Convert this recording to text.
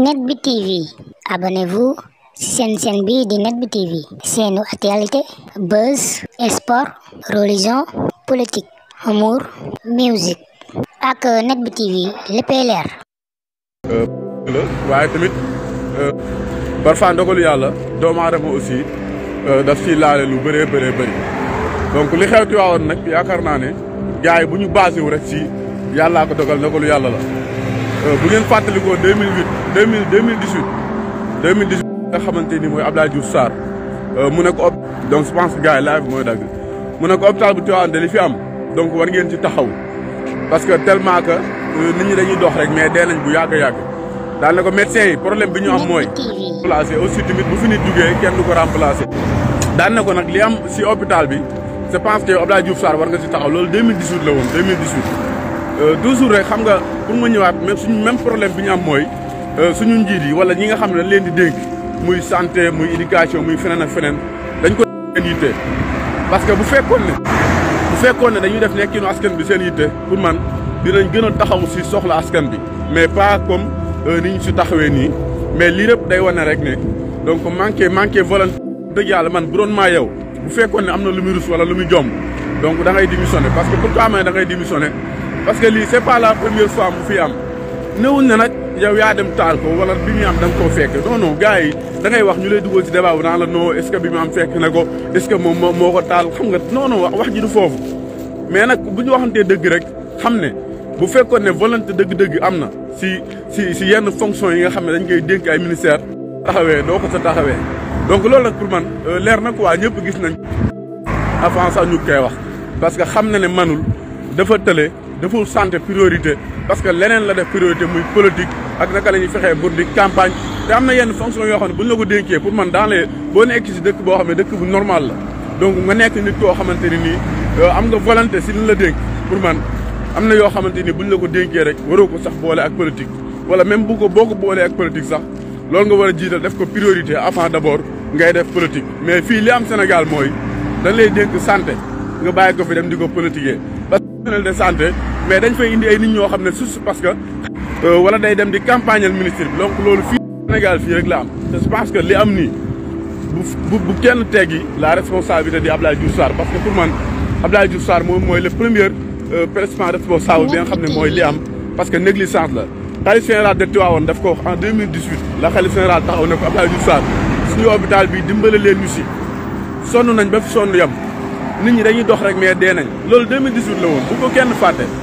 net bi tv abonnez-vous seen seen bi di net bi tv seenu actualité buzz sport religion politique humour musique ak euh, net bi tv léppay euh, waaye tamit euh, par fa ndogalu yàlla doomu aadama aussi daf ci laale lu bëree bëree bëri li xew Tiwaawan nag yaakaar naa ne gars bu ñu basé wu rek ci yàllaa ko dogal ndogalu yàlla la Euh, bu ngeen fàttalikoo 2008 2000 2018 2018 nga xamante ni mooy Abdoulaye Diouf Sarr euh, mu ne ko op donc je pense gars yi live mooy dagg mu ne ko hôpital bu Tivaouane de li fi am donc war ngeen ci taxaw parce que tellement que euh, nit ñi dañuy dox rek mais dee nañ bu yàgg yàgg daal na ko médecin yi problème bi ñu am mooy remplacé aussi tamit bu fi nit jugee kenn du ko remplacé daan na ko nag li am si hôpital bi je pense que Abdoulaye Diouf Sarr war nga si taxaw loolu 2018 la woon 2018 toujours euh, rek xam nga pour ma ñëwaat même suñu même problème bi ñu am mooy euh, suñu njiit yi wala ñi nga xam ne dañ leen di dénk muy santé muy éducation muy feneen ak feneen dañ ko seen parce que bu fekkoon ne bu fekkoon ne dañuy def nekkinu askan bi seen yitte pour man dinañ gën a taxaw si soxla askan bi mais pas comme euh, ni ñu si taxawee nii mais lii lépp day wane rek ne donc manqué manqué volonté dëgg yàlla man bu doon bu fekkoon ne am na lu muy rus wala lu muy jomb donc da ngay démissionné parce que pourquoi ma ne da ngay démissionné parce que lii c' est pas la première fois mu fi am néewuñ na nag yow yaa dem taal ko wala bi muy am da nga koo fekk non non gars yi da ngay wax ñu lay dugal ci débat bu naan la non est ce que bi mu am fekk na ko est ce que moom moo ko taal xam nga non non wax ji du foofu. mais nag bu ñu waxantee dëgg rek xam ne bu fekkoon ne volonté dëgg-dëgg am na si si si yenn fonction yi nga xam ne dañ koy dénk ay ministère taxawee doo ko sa taxawee donc loolu nag pour man euh, leer na quoi ñëpp gis nañ avant sax ñu koy wax parce que xam na ne manul dafa tële. deful santé priorité parce que leneen la def priorité muy politique ak naka la ñuy fexee di campagne te am na yenn fonction yoo xam ne bu ñu ko dénkee pour man dans les boo nekk ci dëkk boo xam ne dëkk bu normal la donc nga nekk nit koo xamante ni nii euh, am nga volonté si li la dénk pour man am na yoo xamante ni bu la ko dénkee rek waroo ko sax boole ak politique wala même bu ko boo ko boolee ak politique sax loolu nga war a jiital def ko priorité avant d'abord ngay def politique mais fii li am Sénégal mooy dañ lay dénk santé nga bàyyi ko fi dem di ko politiquer parce que de mais dañ fay indi ay nit ñoo xam ne sus parce que euh, wala day dem di campagne al ministre donc loolu fii Sénégal fii rek la am te je pense que li am nii bu bu kenn teggi la responsabilité di Abdoulaye Diouf Sarr parce que pour man Abdoulaye Diouf Sarr moom mooy le premier euh, principal responsable bi nga xam ne mooy li am parce que négligence la xalif général de Tivaouane daf ko wax en 2018 la xalif général taxaw ne ko Abdoulaye Diouf Sarr suñu hôpital bi dimbale leen ñu si sonn nañ ba fi sonn yem nit ñi dañuy dox rek mais dee loolu 2018 la woon bu ko fàtte